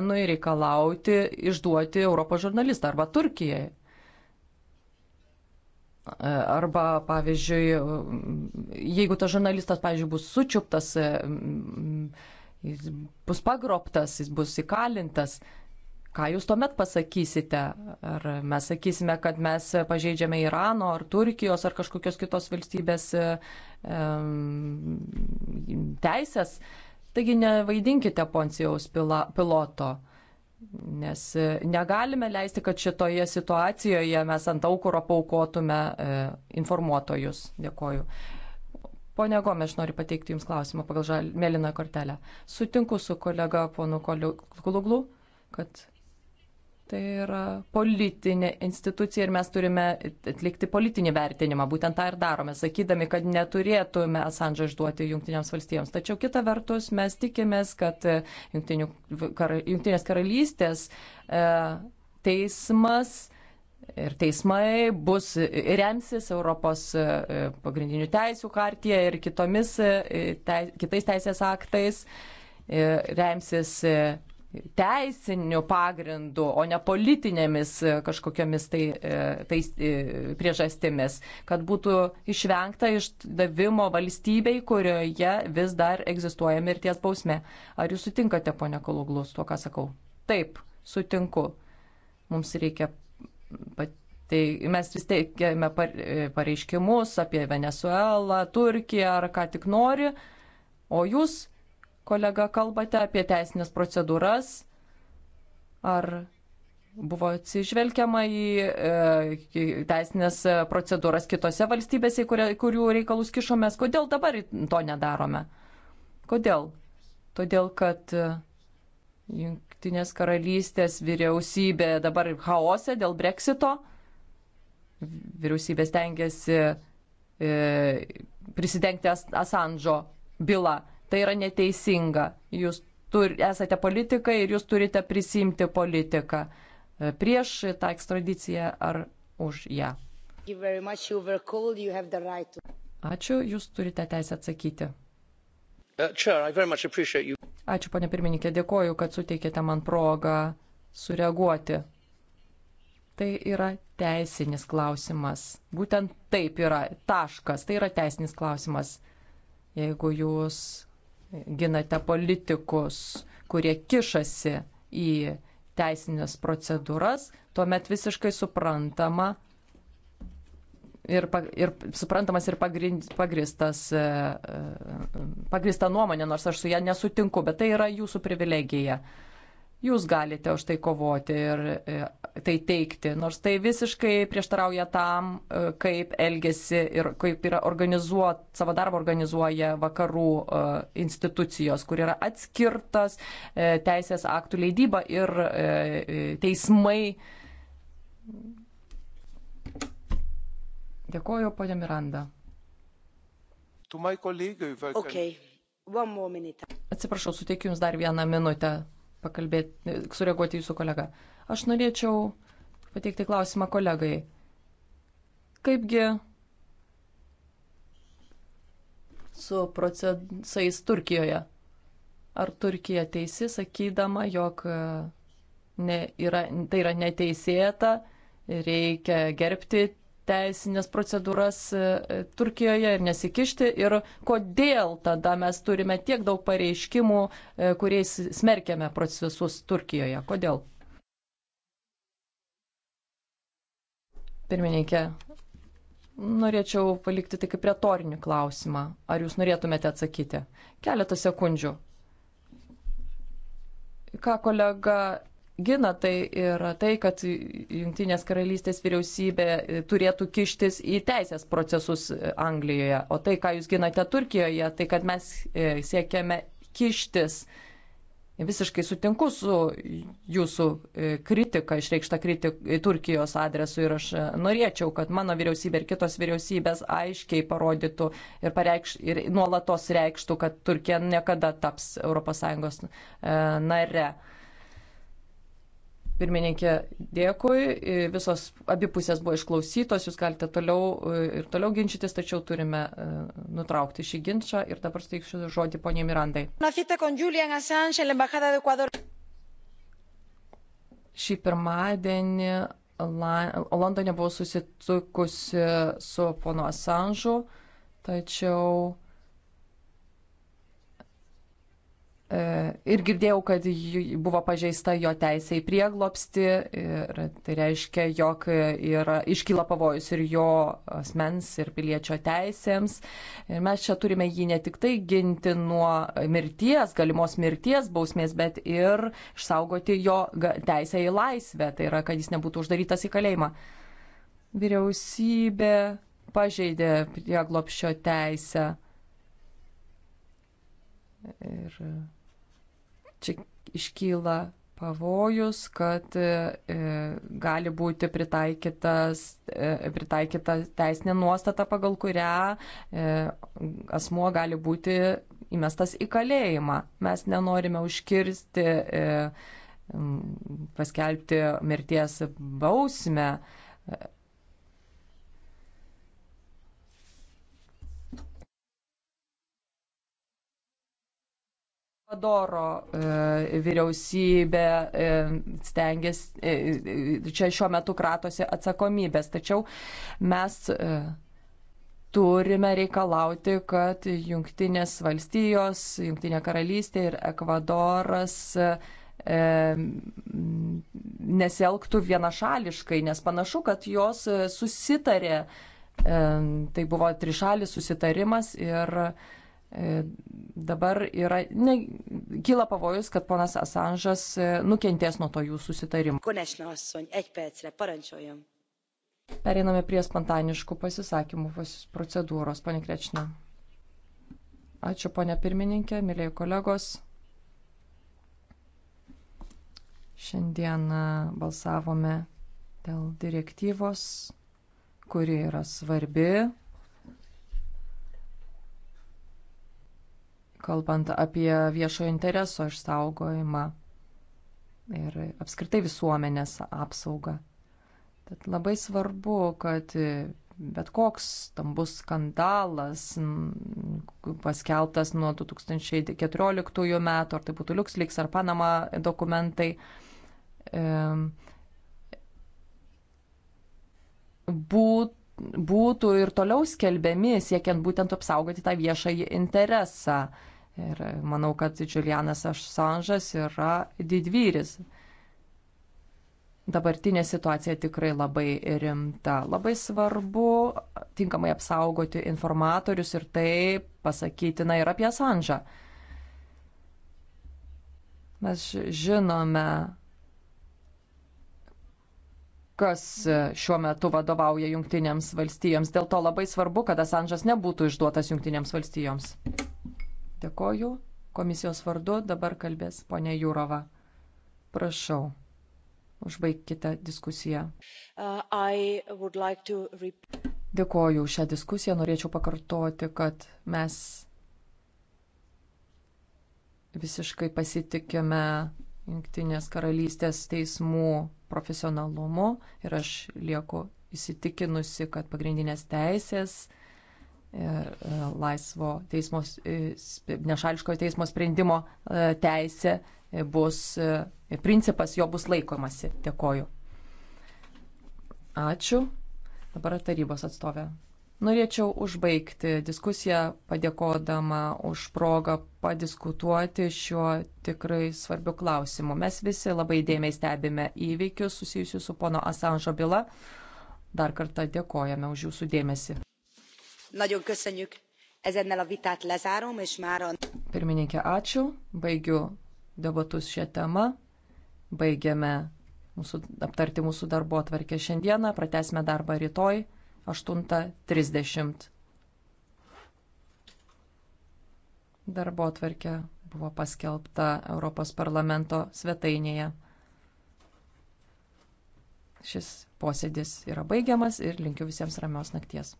Iranui reikalauti išduoti Europos žurnalistą arba Turkijai. Arba, pavyzdžiui, jeigu tas žurnalistas, pavyzdžiui, bus sučiuptas, jis bus pagroptas, jis bus įkalintas, ką jūs tuomet pasakysite? Ar mes sakysime, kad mes pažeidžiame Irano ar Turkijos ar kažkokios kitos valstybės teisės? Taigi nevaidinkite poncijaus pila, piloto, nes e, negalime leisti, kad šitoje situacijoje mes ant aukuro paukotume e, informuotojus. Dėkoju. Pone Gomeš, noriu pateikti Jums klausimą pagal žal, mėlyną kortelę. Sutinku su kolega ponu Kuluglu, kad Tai yra politinė institucija ir mes turime atlikti politinį vertinimą. Būtent tą ir darome, sakydami, kad neturėtume Assange išduoti Junktinėms valstijoms. Tačiau kita vertus, mes tikimės, kad Junktinės karalystės e, teismas ir teismai bus remsis Europos e, pagrindinių teisų kartiją ir kitomis, e, teis, kitais teisės aktais remsis teisiniu pagrindu, o ne politinėmis e, kažkokiamis tai, tai priežastimis, kad būtų išvengta išdavimo valstybei, kurioje vis dar egzistuoja mirties bausmė. Ar jūs sutinkate, ponia Kaluglus, tuo, ką sakau? Taip, sutinku. Mums reikia pat Tai mes vis teikėme pareiškimus apie Venezuelą, Turkiją ar ką tik nori, o jūs kolega, kalbate apie teisinės procedūras? Ar buvo atsižvelgiama į e, teisinės procedūras kitose valstybėse, kurie, kurių reikalus kišomės? Kodėl dabar to nedarome? Kodėl? Todėl, kad e, Junktinės karalystės vyriausybė dabar chaose dėl breksito. Vyriausybė stengiasi e, prisidengti Assange'o bylą Tai yra neteisinga. Jūs tur, esate politikai ir jūs turite prisimti politiką e, prieš tą ekstradiciją ar už ją. Ačiū, jūs turite teisę atsakyti. Uh, Ačiū, ponė pirmininkė, dėkoju, kad suteikėte man progą sureaguoti. Tai yra teisinis klausimas. Būtent taip yra. Taškas. Tai yra teisinis klausimas. Jeigu jūs ginate politikus, kurie kišasi į teisinės procedūras, tuomet visiškai suprantama ir, ir suprantamas ir pagrind, pagristas, e, e, pagrista nuomonė, nors aš su ją nesutinku, bet tai yra jūsų privilegija jūs galite už tai kovoti ir e, tai teikti, nors tai visiškai prieštarauja tam, e, kaip elgesi ir kaip yra organizuot, savo darbą organizuoja vakarų e, institucijos, kur yra atskirtas teisės aktų leidyba ir teismai. Dėkoju, ponia Miranda. Okay. Atsiprašau, suteikiu Jums dar vieną minutę pakalbėti, sureaguoti jūsų kolegą. Aš norėčiau pateikti klausimą kolegai. Kaipgi su procesais Turkijoje? Ar Turkija teisi, sakydama, jog e, ne, yra, tai yra neteisėta, reikia gerbti teisinės procedūras e, e, Turkijoje ir nesikišti ir kodėl tada mes turime tiek daug pareiškimų, e, kuriais smerkiame procesus Turkijoje. Kodėl? Pirmininkė, norėčiau palikti tik kaip retorinį klausimą. Ar jūs norėtumėte atsakyti? Keletą sekundžių. Ką kolega gina tai yra tai, kad Junktinės karalystės vyriausybė e, turėtų kištis į teisės procesus e, Anglijoje. O tai, ką jūs ginate Turkijoje, tai kad mes e, siekiame kištis. Visiškai sutinku su jūsų kritika, išreikšta kritika Turkijos adresu ir aš norėčiau, kad mano vyriausybė ir kitos vyriausybės aiškiai parodytų ir, pareikš, ir nuolatos reikštų, kad Turkija niekada taps ES nare. Pirmininkė, dėkui. Visos abipusės buvo išklausytos, jūs galite toliau e, ir toliau ginčytis, tačiau turime e, nutraukti šį ginčą ir dabar steiksiu žodį poniai Mirandai. Šį pirmadienį Londone buvau susitikusi su pono Asanžu, tačiau Ir girdėjau, kad buvo pažeista jo teisė į prieglopsti ir tai reiškia, jog yra, iškyla pavojus ir jo asmens ir piliečio teisėms. Ir mes čia turime jį ne tik tai ginti nuo mirties, galimos mirties bausmės, bet ir išsaugoti jo teisę į laisvę, tai yra, kad jis nebūtų uždarytas į kalėjimą. Vyriausybė pažeidė prieglopščio teisę. Ir čia iškyla pavojus, kad e, e, gali būti pritaikytas, e, pritaikyta teisinė nuostata, pagal kurią asmuo gali būti įmestas į kalėjimą. Mes nenorime užkirsti, paskelbti mirties bausmę Ekvadoro e, vyriausybė e, stengiasi, e, e, čia šiuo metu kratosi atsakomybės, tačiau mes e, turime reikalauti, kad Junktinės valstijos, Junktinė karalystė ir Ekvadoras e, e nesielgtų vienašališkai, nes panašu, kad jos e, susitarė, e, tai buvo trišalis susitarimas ir e, E, dabar yra, ne, kyla pavojus, kad ponas Asanžas e, nukentės nuo to jų susitarimo. Pereiname prie spontaniškų pasisakymų procedūros, ponė Krečna. Ačiū, ponė pirmininkė, mėlyje kolegos. Šiandien e, balsavome dėl direktyvos, kuri yra svarbi kalbant apie viešojo intereso išsaugojimą ir apskritai visuomenės apsaugą. Tad labai svarbu, kad bet koks stambus skandalas paskeltas nuo 2014 metų, ar tai būtų LuxLeaks ar Panama dokumentai, būtų ir toliau skelbiami, siekiant būtent apsaugoti tą viešąjį interesą. Ir manau, kad Julianas Ašanžas yra didvyris. Dabartinė situacija tikrai labai rimta. Labai svarbu tinkamai apsaugoti informatorius ir tai pasakytina ir apie Asanžą. Mes žinome, kas šiuo metu vadovauja jungtinėms valstijoms. Dėl to labai svarbu, kad Asanžas nebūtų išduotas jungtinėms valstijoms. Dėkoju. Komisijos vardu dabar kalbės ponė Jūrova. Prašau, užbaigkite diskusiją. Uh, like to... Dėkoju šią diskusiją. Norėčiau pakartoti, kad mes visiškai pasitikime Junktinės karalystės teismų profesionalumu ir aš lieku įsitikinusi, kad pagrindinės teisės E, laisvo teismo, e, nešališko teismo sprendimo e, teisė bus, principas jo bus laikomasi. Dėkoju. Ačiū. Dabar tarybos atstovė. Norėčiau užbaigti diskusiją padėkodama už progą padiskutuoti šiuo tikrai svarbiu klausimu. Mes visi labai dėmiai stebime įvykius susijusius su pono Asanžo byla. Dar kartą dėkojame už jūsų dėmesį. Pirmininkė, ačiū. Baigiu debatus šią temą. Baigiame mūsų, aptarti mūsų darbo atvarkę šiandieną. Pratesime darbą rytoj 8.30. Darbo atvarkė buvo paskelbta Europos parlamento svetainėje. Šis posėdis yra baigiamas ir linkiu visiems ramios nakties.